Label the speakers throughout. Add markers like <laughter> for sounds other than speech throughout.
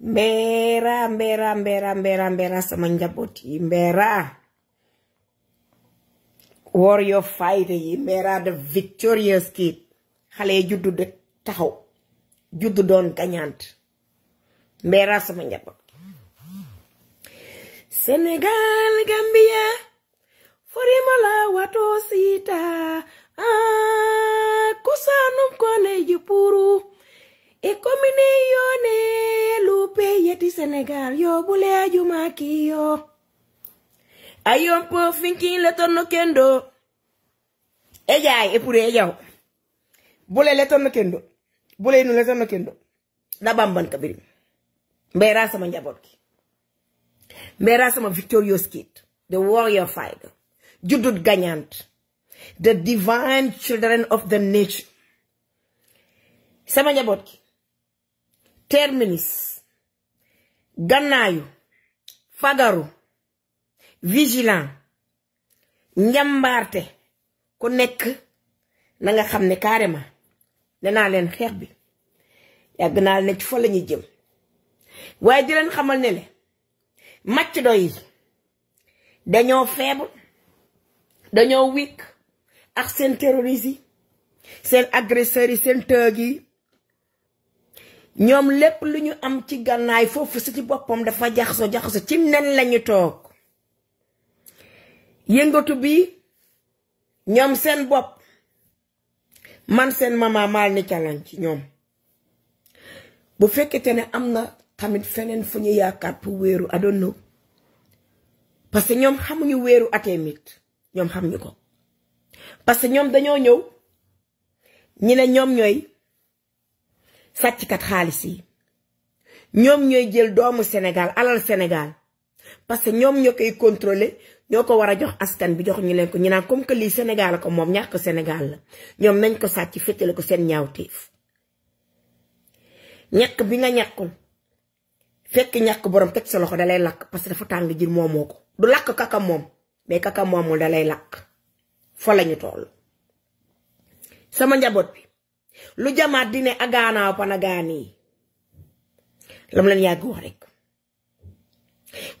Speaker 1: Mbera, mbera, mbera, mbera, mbera sama njaboti, mbera. Warrior fighter mbera the victorious kid. Xale judu de tau judu don kanyant. Mbera sama njabot. Sénégal Gambia forimola wato sita ah kusanum kone jipuru e komine yone lupe yeti Sénégal yo bule ajuma kiyo ayompo finkin le tonno kendo ejay epure ejaw bule le tonno kendo bule nu le tonno kendo da bamban kabiri mbera sama njaboot ki Mbera sama victorious kid, the warrior fighter, Judut Ganyant, the divine children of the nature. Sama njaboot gi terminus gannaayu fagaru vigilant njambaarte ku nekk na nga xam ne carrément nee naa leen xeex bi yàgg naa ne ci fa la ñuy jëm waaye di leen xamal ne le maccido yi dañoo faible dañoo wik ak seen terroriste yi seen agresseurs yi seen tëg yi ñoom lépp lu ñu am ci gànnaay foofu si ci boppam dafa jaxaso jaxaso ci nen lañu toog yëngatu bi ñoom seen bopp man seen mama maal ni challenge ñoom bu fekkete ne am na tamit feneen fu ñu yaakaar pour wéeru I don't know que ñoom xamuñu wéeru atémit ñoom xam xamuñu ko parce que ñoom dañoo ñëw ñi ne ñoom ñooy sàcckat xaalis yi ñoom ñooy jël doomu Sénégal alal Sénégal parce que ñoom ñoo koy contrôler ñoo ko war a jox askan bi jox ñu leen ko ñu naan comme que lii Sénégal ko moom ñax ko Sénégal la ñoom nañ ko sàcc féetale ko seen ñaaw ñaawteef ñàkk bi nga ñàkkul fekk ñak borom tek sa loxo dalay lak parce que dafa tang jir momoko du lak kaka mom mais kaka momu dalay lak lakk fa lañu toll sama njabot bi lu jamaat dine ne agaanaaw panagaani lam lañ yag wax rek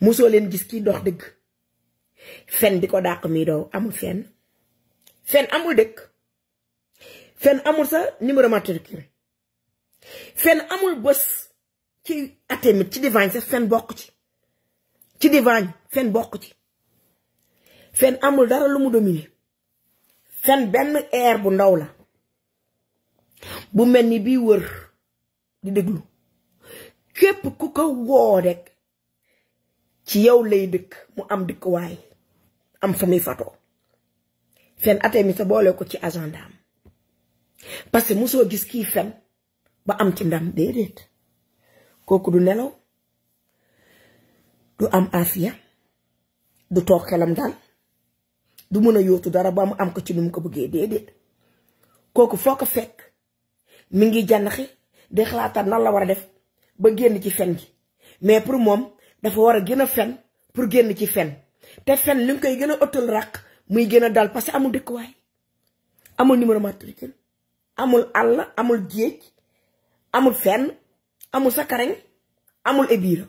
Speaker 1: muso len gis ki dox deug fen diko dak amu mi do amul fen fen amul dëkk fen amul sa numéro matricule fen amul bés ci atémit ci divaañ sax fen bokk ci ci divaañ fen bokk ci fen amul dara lu mu dominer fen benn air bu ndaw la bu mel ni bii wër di déglu képp ku ko woo rek ci yow lay dëkk mu am dëkkuwaay am fa muy fatoo fen atémit sa boole ko ci agenda am parce que mosoo gis kii fen ba am ci ndam déedéet kooku du nelaw du am afiya du toog xelam daal du mën a yootu dara ba mu am ko ci nu mu ko bëggee déedéet kooku foo ko fekk mu ngi jànnaxi di xalaataat nan la war a def ba génn ci fen gi mais pour moom dafa war a gën a fen pour génn ci fen te fen li nga koy gën a ëttal raq muy gën a dal parce que amul dëkkuwaay amul numéro matricule amul àll amul géej amul fenn amul sa amul e biir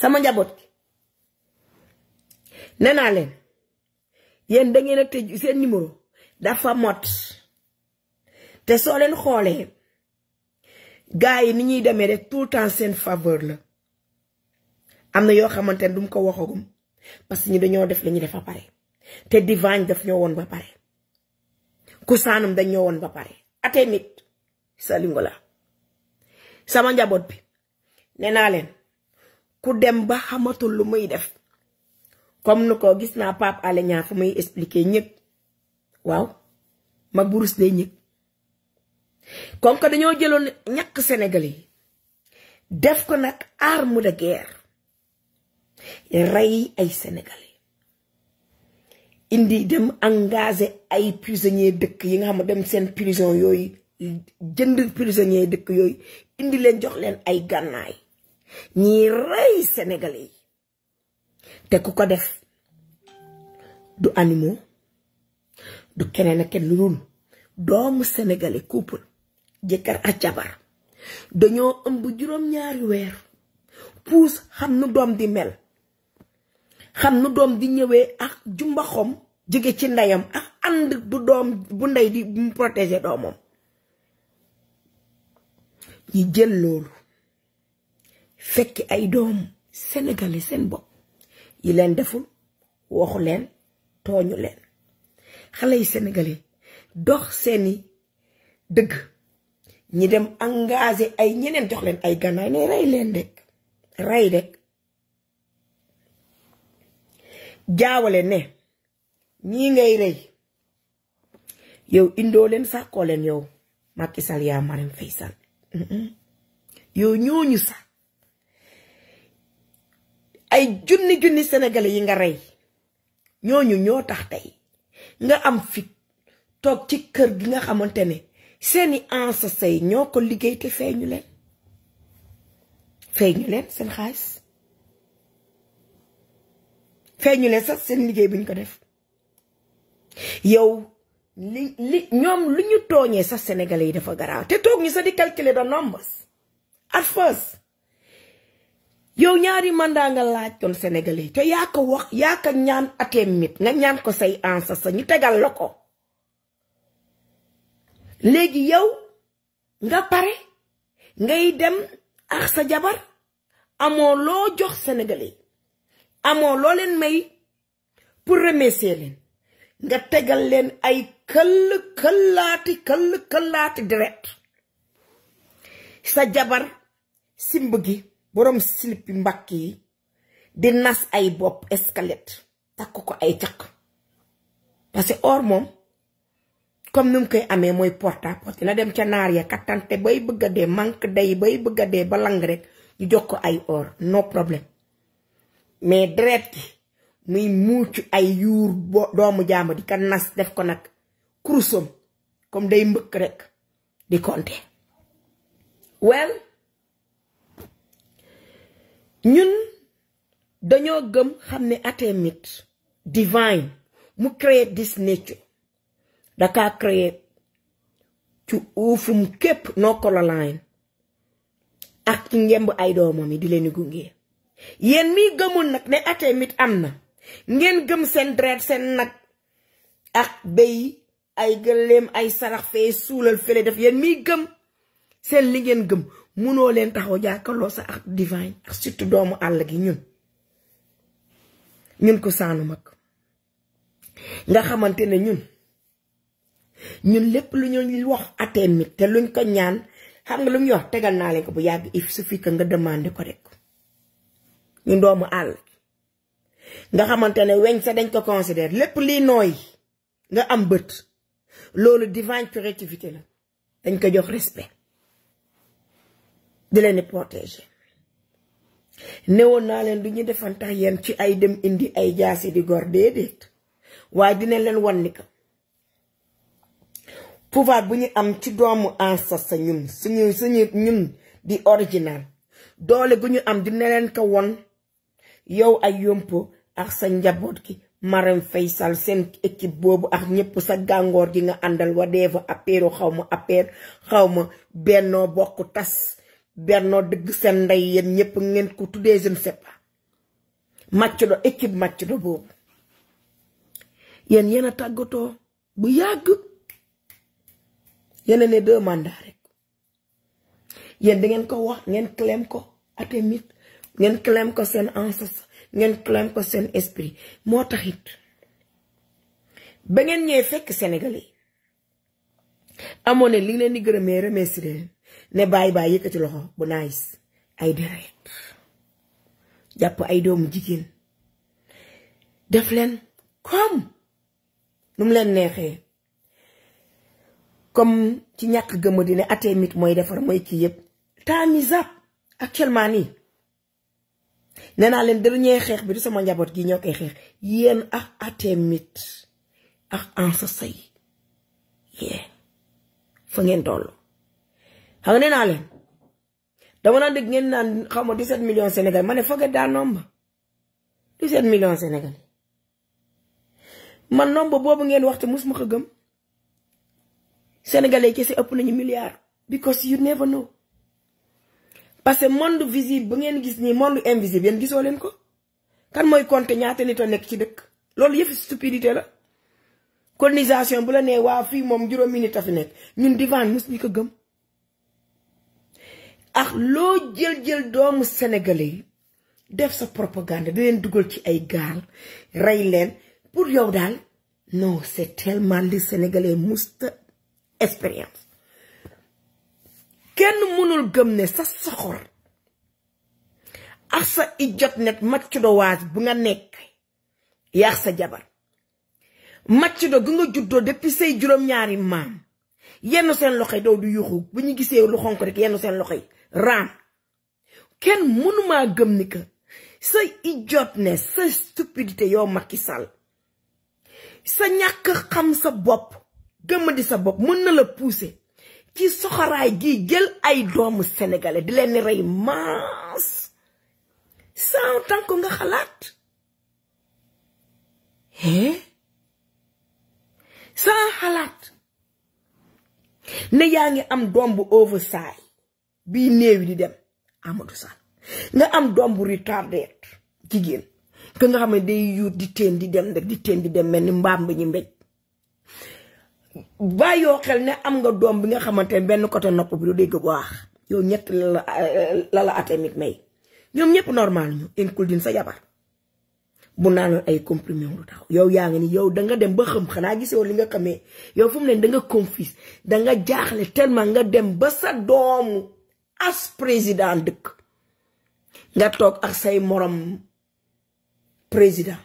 Speaker 1: sama njaboot gi nee naa leen yéen da ngeen a tëj seen numéro dafa mot te soo leen xoolee gars yi ni ñuy demee rek tout le temps seen faveur la am na yoo xamante ne du ko waxagum parce que ñu dañoo def li ñu def ba pare te divan daf ñoo woon ba pare kusaanum dañ ñoo woon ba pare atemit sa lingo la sama njaboot bi nee naa leen ku dem ba xamatul lu muy def comme nu ko gis naa Pape Alé Niang fa may expliquer ñëg waaw mag bu rus day ñëg comme que dañoo jëloon ñàkk Sénégalais yi def ko nag arme de guerre rey ay Sénégalais indi dem engagé ay prisonniers dëkk yi nga xam ne dem seen prison yooyu jënd prisonniers dëkk yooyu indi leen jox leen ay gànnaay ñiy rey sénégalais yi te ku ko def du animaux du keneen ak kenn lu dul doomu sénégalais couple jëkkër ak jabar dañoo ëmb juróom-ñaari weer puus xam nu doom di mel xam nu doom di ñëwee ak jumbaxom jóge ci ndeyam ak ànd bu doom bu ndey di mu protéger doomam ñi jël loolu fekki ay doom sénégalais seen bopp yi leen deful waxu leen tooñu leen xale yi sénégalais dox seeni dëgg ñi dem engagé ay ñeneen jox leen ay gànnaay ne rey leen dek rey dek jaawale ne ñi ngay rey yow indoo leen sàkkoo leen yow Macky Sall yaa Marième Faye Sall yow ñooñu sax ay junni junni sénégalais yi nga rey ñooñu ñoo tax tey nga am fit toog ci kër gi nga xamante ne seeni ancêtres yi ñoo ko liggéey te fay ñu leen fay leen seen xaalis fay leen sax seen liggéey bu ñu ko def yow li li ñoom lu ñu tooñee sax sénégalais yi dafa garaaw te toog ñu sax di calculer the numbers at first yow ñaari manda nga laaj kon sénégalais te ya ko wax ya ko ñaan até mit nga ñaan ko say ansa sa ñu tegal lako légui yow nga paré ngay dem ak sa jabar amo lo jox sénégalais amo lo len may pour remercier len nga tegal len ay këll këllaati këll direct sa jabar simb gi boroom silpi mbakk yi di nas ay bopp escalette takk ko ay caq parce que or moom comme ni mu koy amee mooy porta porte dem ca naar ya kattante bay bëgg a dee manque day bay bëgg dee ba rek ñu jox ko ay or no problème mais deret gi muy muucu ay yuur doomu jaama di ka nas def ko nag kurusam comme day mbëkk rek di compter ñun dañoo gëm xam ne atemit divine mu créé this daka créé ci uufum képp noo kololaan ak ci ngemb ay doomam yi di leen gunge yéen mi gëmul nag ne atemit am na ngeen gëm seen deret seen nag ak béy ay gëléem ay sarax fee suulal fële def yéen mi gëm seen li ngeen gëm mënoo leen taxaw jàkkaarloo sa ak divin ak surtout doomu àll gi ñun ñun ko saanu mag nga xamante ne ñun ñun lépp lu ñu wax ateen mi te luñ ko ñaan xam nga lu mu wax tegal naa leen ko bu yàgg il suffit que nga demande ko rek ñun doomu àll nga xamante ne weñ sa dañ ko considère lépp liy nooy nga am bët loolu divine créativité la dañ ko jox respect di leen di protéger newoon naa leen du ñu defantax yéen ci ay dem indi ay jaasi di gor déedéet waaye dina leen wan ni ka bu ñu am ci doomu ancêtre ñun suñu ñu ñun di original doole gu ñu am dina leen ko won yow ay yompo ak sa njaboot gi Marème Faye Sall seen équipe boobu ak ñépp sa gàngoor gi nga àndal wadeeva appeeru xaw ma appeer xaw ma bennoo bokk tas berno deug sen nday yeen ñepp ngeen ko tuddé je ne sais pas match do équipe match do bobu yeen yena tagoto bu yag yena né deux mandat rek yeen da ngeen ko wax ngeen claim ko atemit ngeen claim ko sen ansas, ngeen claim ko sen esprit taxit ba ngeen ñëw fekk sénégalais amone li ngeen ni gërëmé remercier ne bàyyi bàyyi yëkkati loxo bu nice ay deret jàpp ay doomu jigéen def leen comme nu mu leen neexee comme ci ñàkk gëma dina atee mit mooy defar mooy kii yëpp tamisap actuellement nii nee naa leen dernier xeex bi sama njaboot gi ñoo koy xeex yéen ak atee mit ak ansa say fa ngeen toll xam nga nee naa leen dama naan dégg ngeen naan xaw nga 17 millions Sénégal ma ne forget that number 17 millions Sénégal man nomba boobu ngeen waxte mus ma ko gëm sénégalais kese ëpp nañu milliard because you never know parce que monde visible bu ngeen gis nii monde invisible yéen gisoo leen ko kan mooy conté ñaata nit a nekk ci dëkk loolu yëpp stupidité la colonisation bu la nee waa fii moom juróomi nit a fi nekk ñun divan mus ñu ko gëm ak loo jël jël doomu sénégalais yi def sa propagande daleen dugal ci ay gaal rey leen pour yow daal non c'est tellement li sénégalais musta expérience kenn mënul gëm ne sa soxor ak sa ijot net maccudowaas bu nga nekk yaax sa jabar maccudo gu nga juddoo depuis say juróom-ñaari maam yenn seen loxo yi doo du yuuxu bu ñu gisee lu xonk rek yenn seen loxo yi raam kenn mënumaa gëm ni que sa idiotness sa stupidité yow Macky Sall sa ñàkk xam sa bopp gëmm di sa bopp mën na la pousser ci soxoraay gi jël ay doomu sénégalais di leen rey maas sans tant nga xalaat eh sans xalaat ne yaa ngi am doom bu oversize bii yi di dem Amadou Sall nga am doom bu retardé jigéen ka nga xam ne day yuut di teen di dem rek di teen di dem mel ni mbaam bi ñu mbéj bàyyoo xel ne am nga doom bi nga xamante ne benn côté nopp bi du dégg bu yow ñett la la la atemit may ñoom ñëpp normal ñu including sa jabar bu naanoon ay comprimé lu yow yaa nga ni yow da nga dem ba xam xanaa gisoo li nga xamee yow fu mu ne da nga confus da nga jaaxle tellement nga dem ba sa doomu. as président deuk nga tok ak say morom président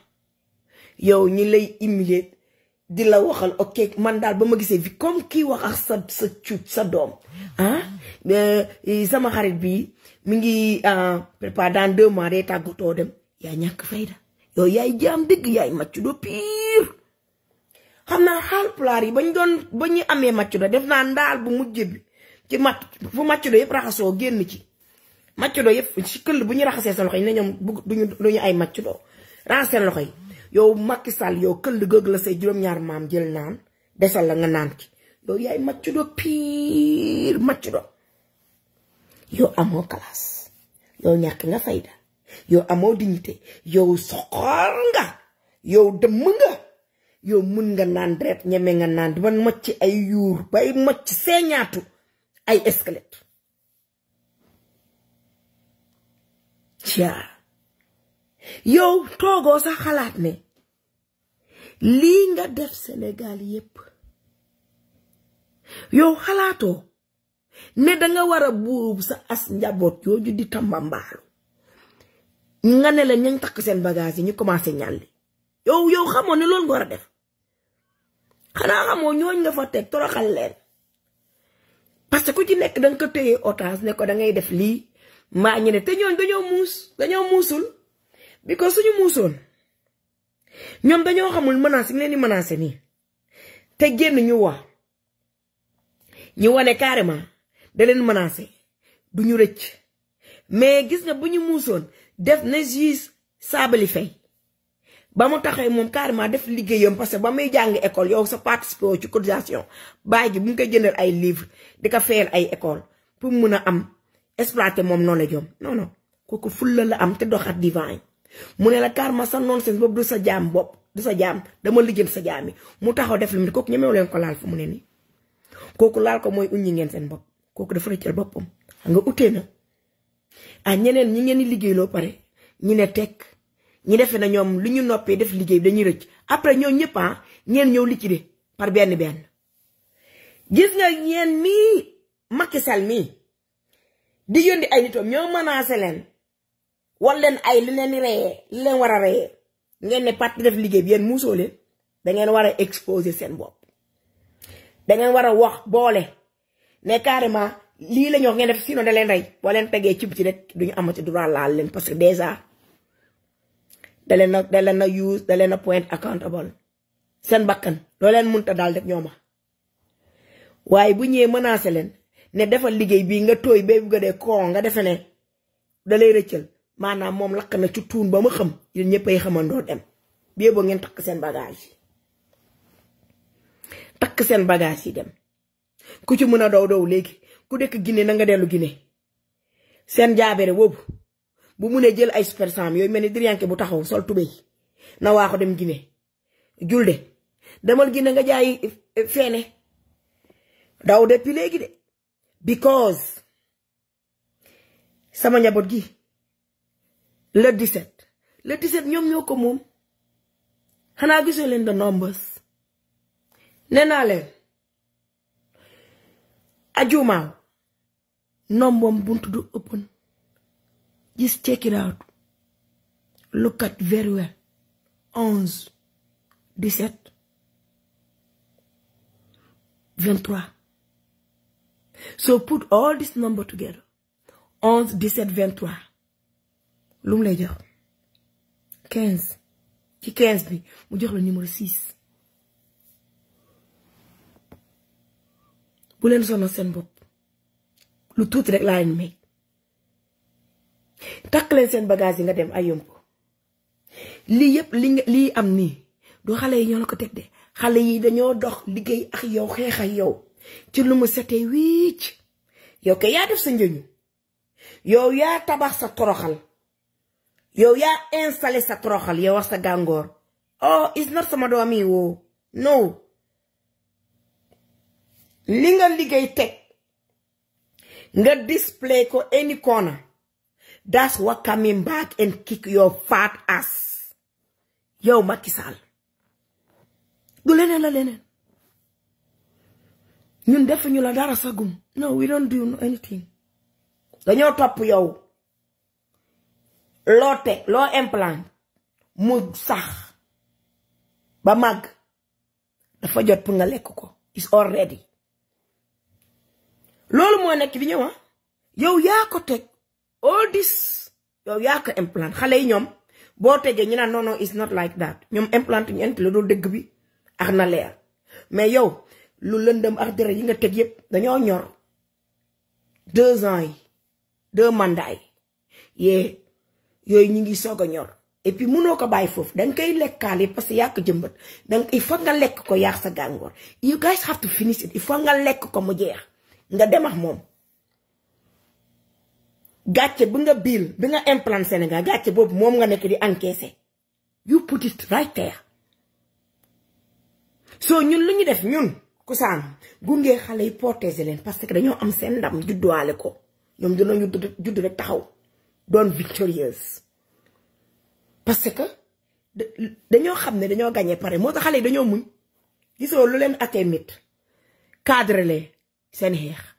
Speaker 1: yow ñi lay humilier di la waxal ok man dal bama gisé fi comme ki wax ak sa sa cuuj sa ah eh, eh, sama xarit bi mi ngi ah, prépare dans deux mois day tàggatoo dem ya ñak fayda yow yaay jam deug yaay maccu do pire xamna hal plari bañ doon ba maccu da def na ndal bu mujjé bi ci mat fu màcc do yep raxaso genn ci màcc do yep ci keul bu ñu raxasee seen loxo duñu duñu ay màcc do raxase loxay makisal yow Macky Sall yow keul gog la sey juroom ñaar maam jël naan dessal la nga naan ci do yaay màcc do pire màcc do yo amo class yo ñak nga fayda yo amo dignité yo soxor nga yo dem nga yo mën nga naan deret ñame nga naan ban ay yuur bay mocc señatu ay squelette jaa Yo toogoo sa xalaat ne lii def Sénégal yépp yow xalaatoo ne danga war a buub sa as njaboot yooju di tambambaalu nga ne la ñañ takk seen bagage ñu commencé ñàlli yow yow xamoo nga def xanaa xamoo ñooñ nga fa teg toroxal parce que ku ci nekk da nga ko téye otage ne ko da def lii maa ñu ne te ñooñ dañoo muus dañoo muusul bi ko suñu muusoon ñoom dañoo xamul menace yi leen di menacé nii te génn ñu wax ñu wane carrément da leen menacé du ñu rëcc mais gis nga bu ñu muusoon def na juge saabali fay ba mu taxee moom carrément def liggéeyam parce que ba muy jàng école yow sa participé woo ci cotisation bàyyi ji mu ngi koy jëndal ay livre di ko fayal ay école pour mun a am exploité moom noonu la jom non kooku fulla la am te dox doxat divan yi mu ne la carrément sa nonsense boobu du sa jaam bopp du sa jaam dama lijjën sa jaam yi mu taxaw def lu mu ne kooku ñemewu leen ko laal fu mu ne nii kooku laal ko mooy uññi ngeen seen bopp kooku dafa rëccal boppam xam nga utee na ah, ñeneen ñi ngeen di liggéey loo pare ñu ne tekk ñi defee na ñoom lu ñu noppee def liggéey bi dañuy rëcc après ñoo ñëpp ah ngeen ñëw liquider par benn benn. gis nga ñeen mii Macky Sall mii di yónni ay nitam ñoo menacé leen wal leen ay li leen di li leen war a reyee ngeen ne parti def liggéey bi yéen muusoo leen da war a exposer seen bopp. da ngeen war a wax boole ne carrément lii la ñu wax ngeen def sinon da leen rey boo leen tegee ci biti rek du ñu amati droit laal leen parce que déjà. da leen a da leen a use da leen a point accountable seen bakkan loo leen munta daal def ñooma waaye bu ñëwee menacé leen ne defal liggéey bii nga tooy ba nga dee koo nga defe ne da lay rëccal maanaam moom lakk na ci tuun ba ma xam yéen ñëpp ay xamandoo dem bee boo ngeen takk seen bagage yi takk seen bagage yi dem ku ci mën a daw dow léegi ku dekk Guinée na nga dellu gini seen jaabere boobu bu munee jël ay supersam yooyu mel ni diriyanke bu taxaw sol tubéy na waaxu dem Guinée julde demal Guinée nga jaay eh, feene daw depuis léegi de because sama njaboot gi le 17 le 17 ñoom ñoo ko moom xanaa gisoo leen de numbers nee naa leen ajumaaw nombom buntu du ëpp Just check it out. Look at very well. 11, 17, 23. So put all this number together. 11, 17, 23. Lum lay 15 ci 15 bi mu jox la numéro 6 bu leen sonal seen bopp lu tuuti rek laa leen may Tak leen seen bagage yi nga dem ayum ko li yep li li am ni du xalé yi ñoo ko tek de xalé yi dañoo dox liggey ak yow xex ak yow ci lu mu sété wiic yow kay ya def sa ñeñu yow ya tabax sa toroxal yow ya installer sa toroxal yow sa gangor oh is not sama doom yi no li nga tek tek nga display ko any corner That's what coming back and kick your fat ass. yo Macky Sall la leneen ñun defuñu la dara sagum no we don't do anything Then you're loo with loo implant mu sax ba màgg dafa jot pour nga It's is already Lolo moo nekk bi ñëwa ah. yow yaa all dis yow yaa ko implant xale yi ñoom boo tegee ñu naan non non it's not like that ñoom implant ñu ent la doo dégg bi ak na leer mais yow lu lëndëm ak dere yi nga teg yëpp dañoo ñor deux ans yi deux mandats yi yee yooyu ñu ngi soog a ñor et puis mënoo ko bàyyi foofu danga koy lekkaale parce que yaa ko jëmbat donc il faut nga lekk ko yaax sa gàngoor you guys have to finish it il faut nga lekk ko mu jeex nga dem ak moom. gàcce bi nga biir bi nga implant Sénégal gàcce boobu moom nga nekk di encaisser you put it right there so ñun lu ñu def ñun kusaan gungee xale yi protéger leen parce que dañoo am seen ndam judduwaale ko ñoom dinañu judd rek taxaw doon victorieuse parce que dañoo xam ne dañoo gagné pare moo tax xale yi dañoo muñ gisoo lu leen atee mit cadre leen seen xeex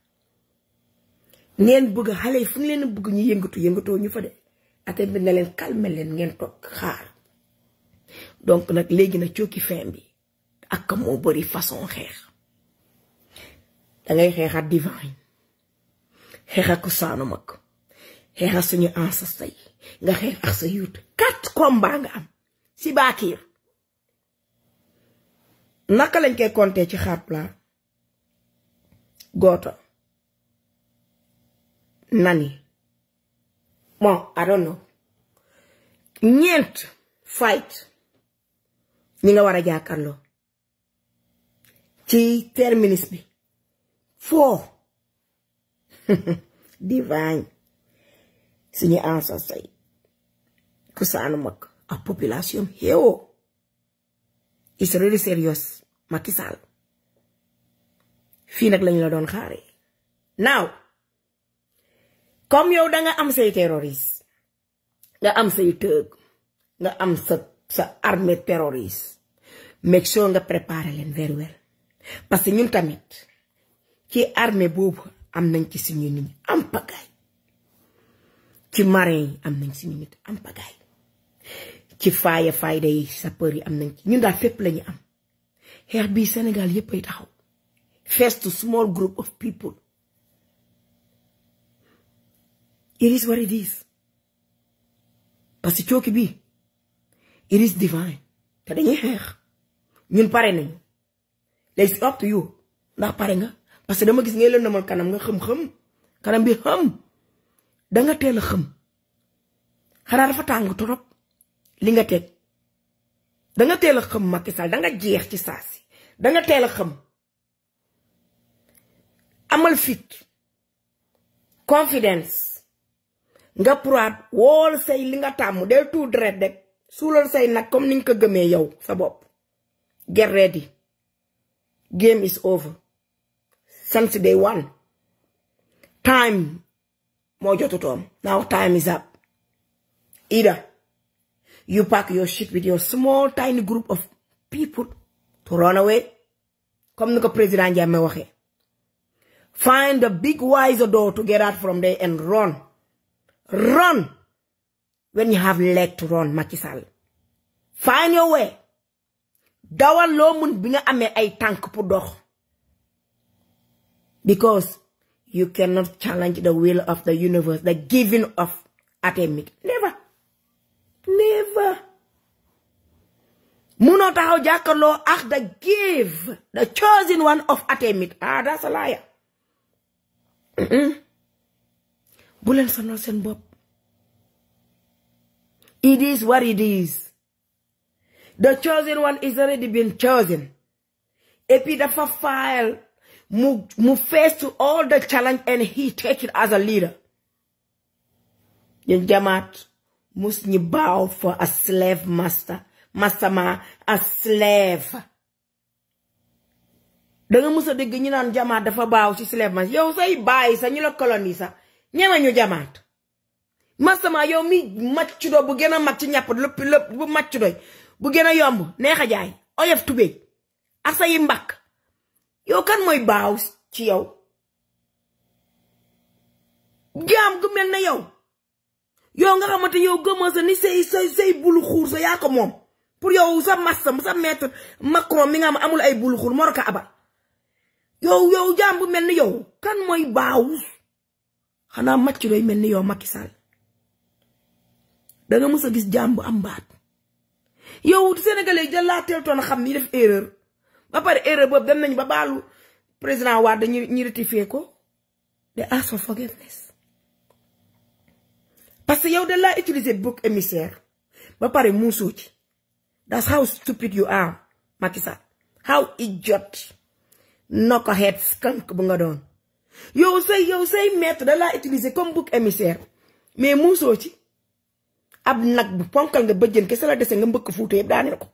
Speaker 1: ngeen bëgg xale yi fu ñu leen bëgg ñu yëngatu yëngatoo ñu fa de atem bi na leen calmer leen ngeen toog xaar donc nag léegi nag cooki fin bi ak moo bëri façon xeex dangay xeex ak divin yi xeex ak yi sa yuut quatre combats nga am si baakiir naka lañ koy compter ci xaat plat goota Nanny. Bon, I ñeent fight ñi nga war a jàkkaarloo ci terminus bi foo <laughs> divine suñu ancestor yi kusaanu mag ak population xéewoo it's really serious Macky Sall fii nag lañu la doon xaare now comme yow da nga am say terroriste nga am say tëg nga am sa sa armée terroriste make sure nga préparer leen very well parce que ñun tamit ci armée boobu am nañ ci suñu nit am pagay. ci marins yi am nañ suñu nit am pagay. ci faaya fayda yi sapeur yi am nañ ci ñun da fépp lañu am xeex bii Sénégal yépp ay taxaw first small group of people It is what it is. parce que cooki bi it is divine te dañuy xeex ñun pare nañu léegi it's up to you ndax pare nga parce que dama gis ngay lëndamal kanam nga xëm-xëm kanam bi xëm danga teel a xëm xanaa dafa tàng torop li nga teeg danga teel a xëm Macky Sall danga jeex ci saa si danga teel a xëm amal fit confidence nga puraat wool say li nga tàmm del tuut deret rek suulal say nag comme niñ ko gëmee yow sa bopp get ready game is over since day one time moo jotutoon now time is up either you pack your shit with your small tiny group of people to run away comme niko ko président Jammeh waxee find a big wise door to get out from there and run Run when you have leg to run Macky find your way dawal loo mun bi nga ay tànk pour because you cannot challenge the will of the universe the giving of atomic never never munoo taxaw jàkkarloo ak the give the chosen one of atomic ah that's a liar bu sonal it is what it is the chosen one is already been chosen et puis dafa file, mu mu face to all the challenge and he take it as a leader ñun jamaat mus ñi bow for a slave master master ma a slave danga mus a dégg ñu jamaat dafa baaw ci slave master yow say bàyyi sa ñu la coloni sa ñeme ñu jamaat masama yow mi maccu doy bu gën a mat ci ñàpp lépp lépp bu macc doy bu gën a yomb neex a jaay oyof tubéy asa yi mbàkk yow kan mooy baaw ci yow jaam gu mel na yow yow nga xamante yow gëmoo sa ni say say say bulu xuur sa yaa moom pour yow sa masam sa maître Macron mi nga am amul ay bulu xuur moro ko abal yow yow jaam bu mel ni yow kan mooy baaw xanaa màcc doy mel ni yow Macky Sall da a gis jaam bu am baat yow sénégalais jël laa teeltoon a xam ni def erreur ba pare erreur boobu dem nañ ba baalu président Wade ñu ñu ko they ask forgiveness parce que yow da laa utiliser bouc émissaire ba pare muusoo ci that's how stupid you are Macky Sall how idiot knucklehead skunk bu nga doon You say yow say maître da laa utiliser comme bouc émissaire mais muusoo ci ab nak bu ponkal nga de kese la dese nga mbëkk fuuta yëpp daaneel ko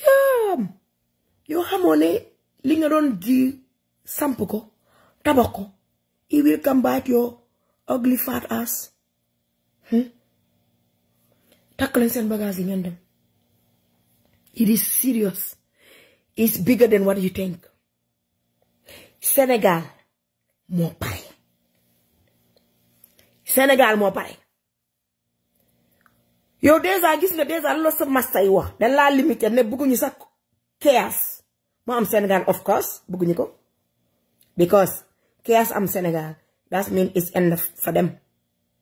Speaker 1: jaam yoo xamoo ne li nga samp ko tabax ko he will come back your ugly fat ass hmm? takk leen seen bagage yi ngeen dem it is serious it's bigger than what you think Sénégal moo pare Sénégal moo pare yow déjà gis nga déjà loolu sa masta yi wax dañ laa limité ne bëgguñu sa chaos mu am Sénégal of course bëgguñu ko because chaos am senegal that mean it's end for them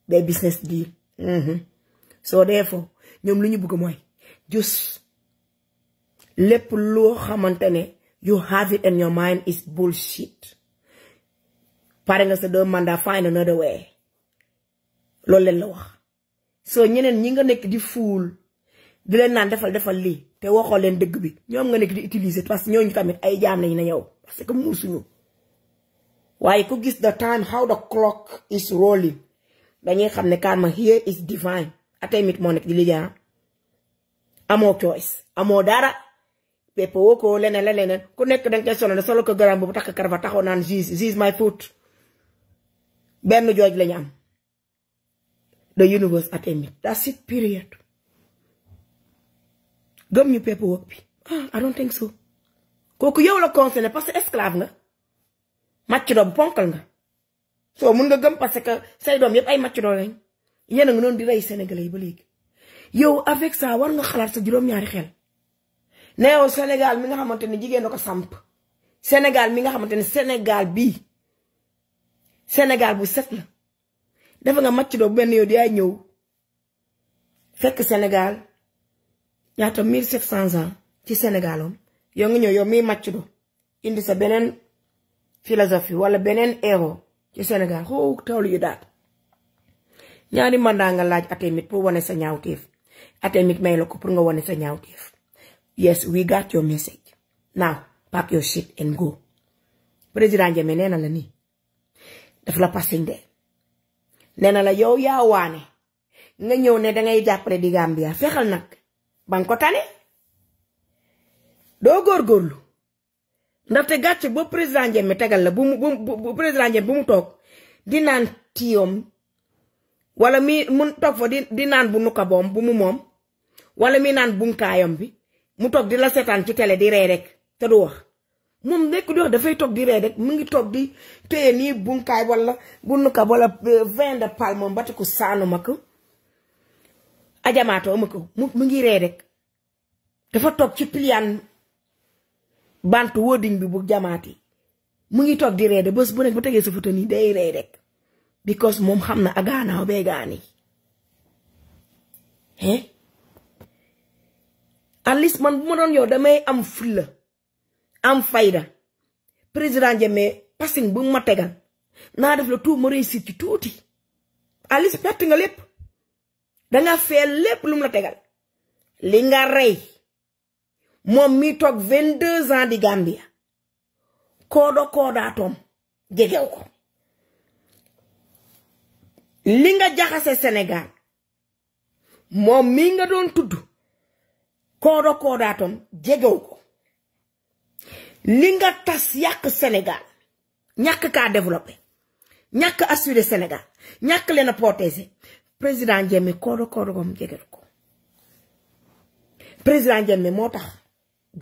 Speaker 1: their business deal mm-hmm. so therefore ñoom lu ñu bëgg mooy just lépp loo xamante ne you have it in your mind is bullshit. Parang nga sa deux mandats find another way loolu leen la wax soo ñeneen ñi nga nekk di fuul di leen naan defal defal lii te waxoo leen dëgg bi ñoom nga nekk di utiliser parce que ñooñu tamit ay jaam lañu na yow parce que muur suñu waaye ku gis the time how the clock is rolling dañuy xam ne karma here is divine atamit moo nekk di liggéeyam ah. amoo choice amoo dara pepo oh, ko lenen lenen, ku nek dang koy solone solo ko garam boobu tak karfa taxo naan jis jis my foot ben joj la am the universe at a that's it period gam ñu pepo wok bi ah I don't think so ko yow la concerné parce que esclave nga match dom ponkal nga so mun nga gam parce que say dom yeb ay match doom lañ yéen nga non di ray sénégalais ba léegi yow avec ça war nga xalat sa juroom ñaari xel ne senegal Sénégal mi nga xamante ne jigéen da ko samp senegal mi nga xamante ne Sénégal bii senegal bu set la dafa nga màcc doo benn yow di ay ñëw fekk senegal ñaata mille sept cent ans ci Sénégalom yow nga ñëw yow miy màcc indi sa beneen philosophie wala beneen héros ci Sénégal xoo tawlu yu daal ñaari mandat nga laaj atemit pour wane sa ñaawteef atemit may la ko pour nga wane sa ñaawteef Yes, we got your message. Now, pack your shit and go. President Jame, nena la ni. daf la passing de nee la yow ya wane. nga ñëw ne dangay japre di Gambia Fekal nak? Bangkotane? Do gor tane doo góorgóorlu ndaxte gàcce ba tegal la Bo President Jame bo mu di naan tiyoom wala mi mu tok fo di di bu nuka bom. boom bu wala mi bi. mu toog di la seetaan ci télé di rey rek te du wax moom nekk di dafay toog di rey rek mu ngi toog di téye nii bunkaay wala bunnuka wala euh, moom bati ko saanu ma ma ko mu ngi rey rek dafa toog ci piliyaan bantu wóodin bi bu jamaati mu ngi toog di rey de bu nekk bu tegee sa nii day rey rek because moom xam na agaanaaw bee gaani at man bu ma doon yow damay am fulla am fayda président Jammeh passing bu ma tegal naa def la tout ma réussir ci tuuti at least nga lépp danga feel lépp lu mu la tegal li nga rey moom mi toog vingt deux ans di Gambia koodo koodaatoom jegew ko li nga jaxase Sénégal moom mi nga doon tudd koodo koodaatam jegew ko li nga tas yàq Sénégal ñàkk kaa développé ñàkk assuré Sénégal ñàkk leen a protéger président Jammeh koodo koodo ko président Jammeh moo tax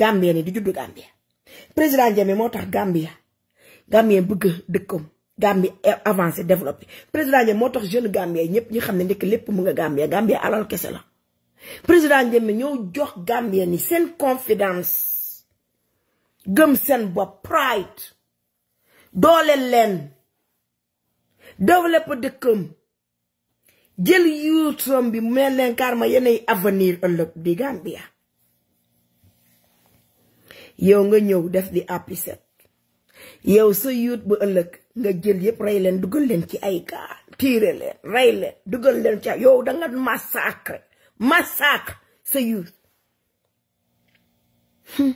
Speaker 1: Gambien ni di juddu Gambia président Jammeh moo tax Gambia Gambien bëgg dëkkam Gambie avancé développé président Jammeh moo tax jeune Gambien ñëpp ñi xam ne ndekk lépp mu nga Gambia Gambia alal kese la président Ndiémé ñëw jox Gambien ni seen confidence gëm seen bopp pride dooleel leen développe dëkkam jël yuutam bi mel leen kaar ma yeneen avenir ëllëg di Gambia yow nga ñëw def di appiset yow sa yuut bu ëllëg nga jël yépp rey leen dugal leen ci ay gaal tiire leen rey leen dugal leen ci yow da nga massacre massacre sa youth hmm.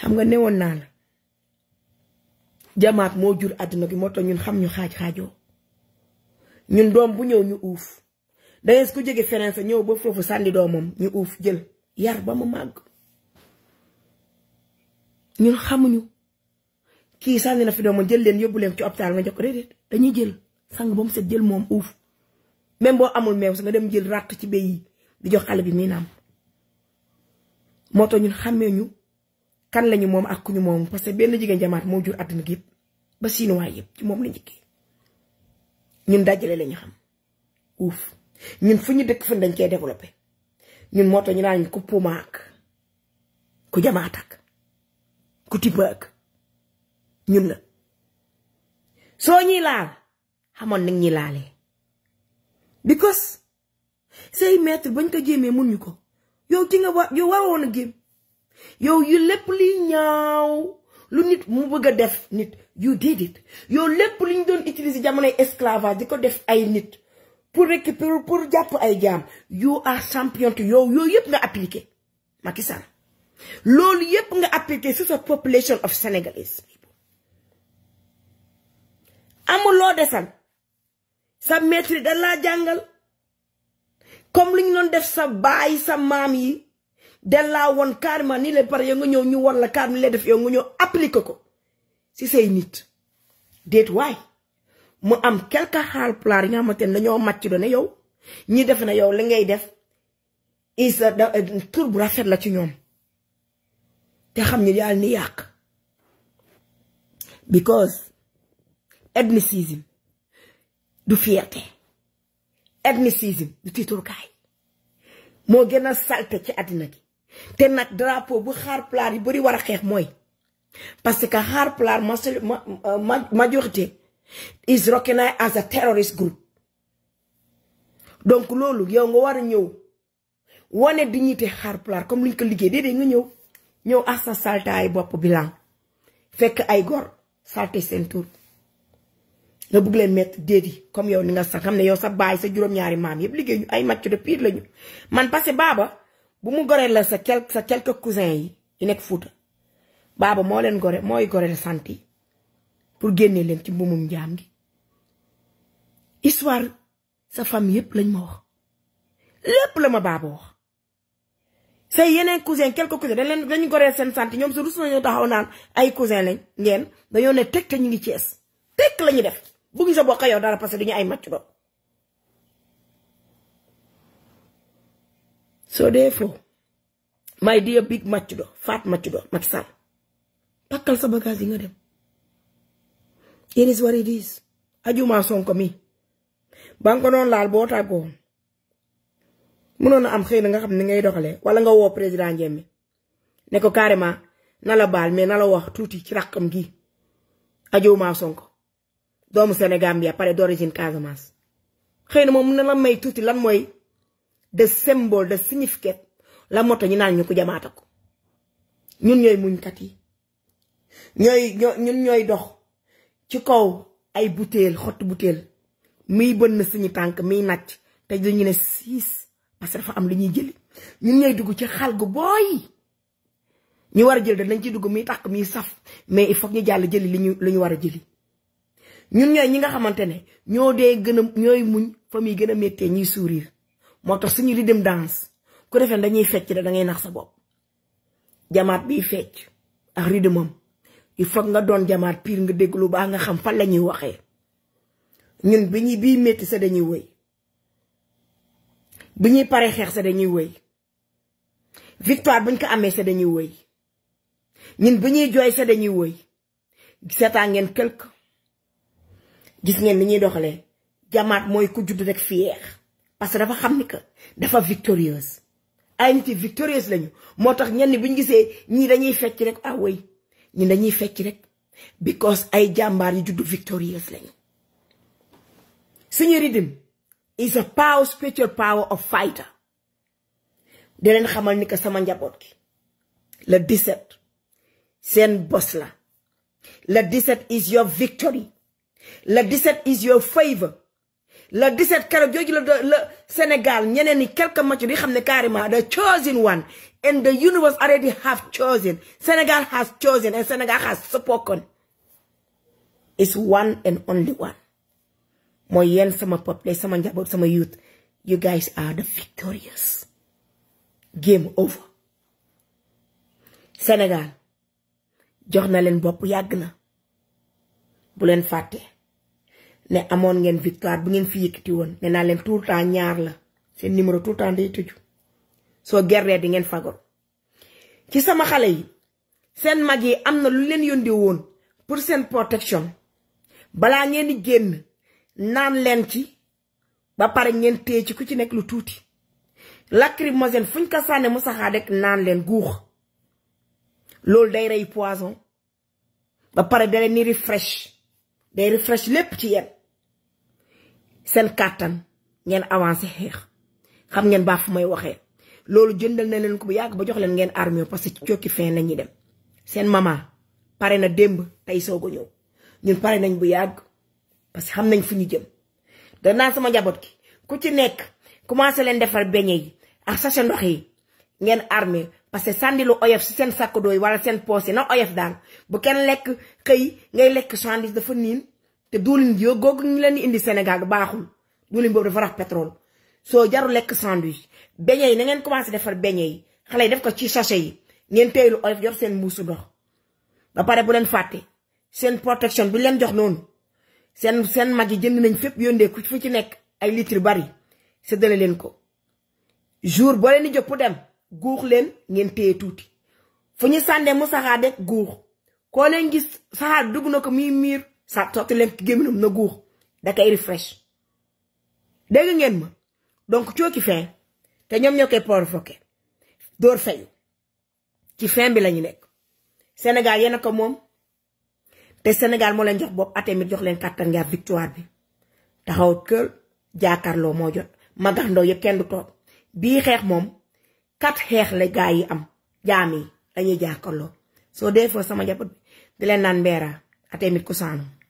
Speaker 1: xam nga ne woon naa la jamaat moo jur àdduna bi moo tax ñun xam ñu xaaj xaajoo ñun doom bu ñëw ñu uuf dangeen su ko jóge feneen fa ñëw ba foofu sànni doomam ñu uuf jël yar ba mu màgg ñun xamuñu kii sànni na fi doomam jël leen yóbbu leen ci opitaal nga jox ko déedéet dañuy jël sang ba mu set jël moom uuf même boo amul meew sa nga dem jël ràtt ci béy yi di jox xale bi muy naam ñun xàmmee ñu kan lañu mom ak ku ñu moom parce que benn jigéen jamaat moo jur àdduna gi yëpp ba sinuwaay yëpp ci moom la njëkkee ñun dajale lañu xam uuf ñun fu dëkk fan dañ ñun ñu ku pumaak ku jamaat ak ku tibbaak ñun la soo ñuy laal xamoon nag because say maître bañ ko jéemee mënuñu ko yow ci nga wa yow waroon a jéem yow yu lépp liy ñaaw lu nit mu bëgg def nit you did it yow lépp li ñu doon utiliser jamonoy esclavage di ko def ay nit pour récupérer pour jàpp ay jaam you are champion to yow yooyu yëpp nga appliqué Macky Sall loolu yëpp nga appliqué sur sa population of Senegalese people amuloo desal sa maître da la jàngal comme lu ñu def sa baay sa maam yi da laa woon carrément nii lay pare yow ñëw ñu war la carrément lay def yow nga ñëw appliqué ko si say nit déet waay mu am quelque Haalpulaar yi nga xamante ne dañoo màcc ne yow ñi def na yow li ngay def is da tur bu rafet la ci ñoom te xam ñu daal ni yàq because ethnicism du fierté ethnicisme du titre Je suis un salte ci adina te nak drapeau bu bari war xex moy parce que la majorité is recognized as a terrorist group donc Nous yow nga dignité comme ko nga as sa bilan fekk ay salte sen nga bugg leen mettre déedéet comme yow ni nga sax xam ne yow sa baay sa juróom-ñaari maam yëpp liggéey ñu ay màcc de pire lañu man parce que baaba bu mu goreel la sa quel sa quelques cousins yi yu nekk Fuuta baaba moo leen gore mooy goreel sant yi pour génnee leen ci mbuumum njaam gi histoire sa famille yëpp lañ ma wax lépp la ma baaba wax say yeneen cousin quelques cousins dañ leen dañu goreel seen sant ñoom su rus nañoo taxaw naan ay cousin lañ ngeen dañoo ne teg te ñu ngi Cees teg la ñu def bëgg sa bokk yow dara parce que du ñu ay màcc doon dee therefore my dear big màcc doon faat màcc doon Macky pakkal sa bagage yi nga dem it is what it is Sonko mi ba ko doon laal boo tàggoo mënoon na am xëy na nga xam ni ngay doxalee wala nga woo président Jammeh ne ko carrément na la baal mais na la wax tuuti ci ràqam gi ajuma Sonko doomu Sénégambia pare d'origine Casamance xëy na moom mun na la may tuuti lan mooy de symbole de significat la moto ñu naan ñu ko jamaata ko ñun ñooy muñkat yi ñooy ñun ñooy dox ci kaw ay butéel xottu butéel miy bënn suñu tànk miy nàcc te dañu ne siis parce que dafa am lu ñuy jëli ñun ñooy dugg ci xal gu booy ñu war a jël danañ ci dugg miy tàkk miy saf mais il faut ñu jàll jëli li ñu li ñu war a jëli. ñun ñooy ñi nga xamante ne ñoo dee gën a ñooy muñ fa muy gën a méttee ñuy sourire moo tax suñu di dem danse ku defee dañuy fecc da ngay nax sa bopp jamaat biy fecc ak rythme il faut nga doon jamaat piir nga déglu baa nga xam fan la ñuy waxee ñun bi ñuy biy métti sa dañuy woy bi ñuy pare xeex sa dañuy woy victoire buñ ko amee sa dañuy woy ñun bi ñuy jooy sa dañuy woy seetaan ngeen quelque gis ngeen ni ñuy doxalee jamaat mooy ku juddu rek fier parce que dafa xam ni que dafa victorieuse ay nit yi victorieuse lañu moo tax ñenn bu ñu gisee ñii dañuy fecc rek ah way ñii dañuy fecc rek because ay jàmbaar yu juddu victorieuse lañu suñu rhythm is a power spiritual power of fighter di xamal ni que sama njaboot gi le 17 seen bos la le 17 is your victory le 17 is your favor le 17 keroog le Sénégal ñeneen ñi quelques match di xam carrément the chosen one and the universe already have chosen Sénégal has chosen and Sénégal has spoken It's one and only one mooy yéen sama peuple sama njaboot sama youth you guys are the victorious game over Sénégal jox na leen yagna yàgg bu ne amoon ngeen victoire bu ngeen fii yëkkati woon ne naa leen tout le ñaar la seen numéro tout le temps day tëju soo gerdee di ngeen fago ci sama xale yi seen mag yi am na lu leen yónde woon pour seen protection balaa ngeen di génn naan leen ci ba pare ngeen téye ci ku ci nekk lu tuuti lacrymogène fuñ ko sànne mu saxaa rek naan leen guux loolu day rey poison ba pare da leen ni refresh day refresh lépp ci yéen sen katan ngeen avancer xex xam ngeen baa fu may waxe lolou jëndal na leen ko bu yag ba jox leen ngeen armure parce que ci fin lañu dem sen mama paré na demb tay sogo ñew ñun paré nañ bu yag parce que xam nañ fu ñu jëm na sama jabot ki ku ci nek commencé leen defar beñe yi ak sachet ndox yi ngeen armé parce que lu oyef si sen sakk wala sen posé na oyef dal bu ken lek xey ngay lek 70 dafa nine te diwlin yooyu googu ñu leen di indi Sénégal baaxul diwlin boobu dafa rax pétrole soo jaru lekk sandwich beñe yi nangeen ngeen defar beñe yi xale yi def ko ci sachet yi ngeen tey lu oyof yor seen mbuusu ndox ba pare bu leen fàtte seen protection bi leen jox noonu seen seen mag yi jënd nañ fépp yóndee ku fu ci nekk ay litre bari séddale leen ko jour boo leen jot jóg dem guux leen ngeen téye tuuti fu ñu sànnee mu saxaar de guux koo leen gis saxaar dugg na ko muy miir sa sotti leen ki gémminam na guux da koy refresh dégg ngeen ma donc cooki fin te ñoom ñoo koy provoqué dóor fayu ci fin bi lañu nekk Sénégal yéen a ko moom te Sénégal moo leen jox ate atemit jox leen kàttan ngaa victoire bi taxaw kër jàkkaarloo moo jot magax ndaw kenn du toog bii xeex moom kat xeex la gaa yi am jaam lañuy dañuy soo dee foo sama jabat bi di leen naan mbeeraa até Mikko Sano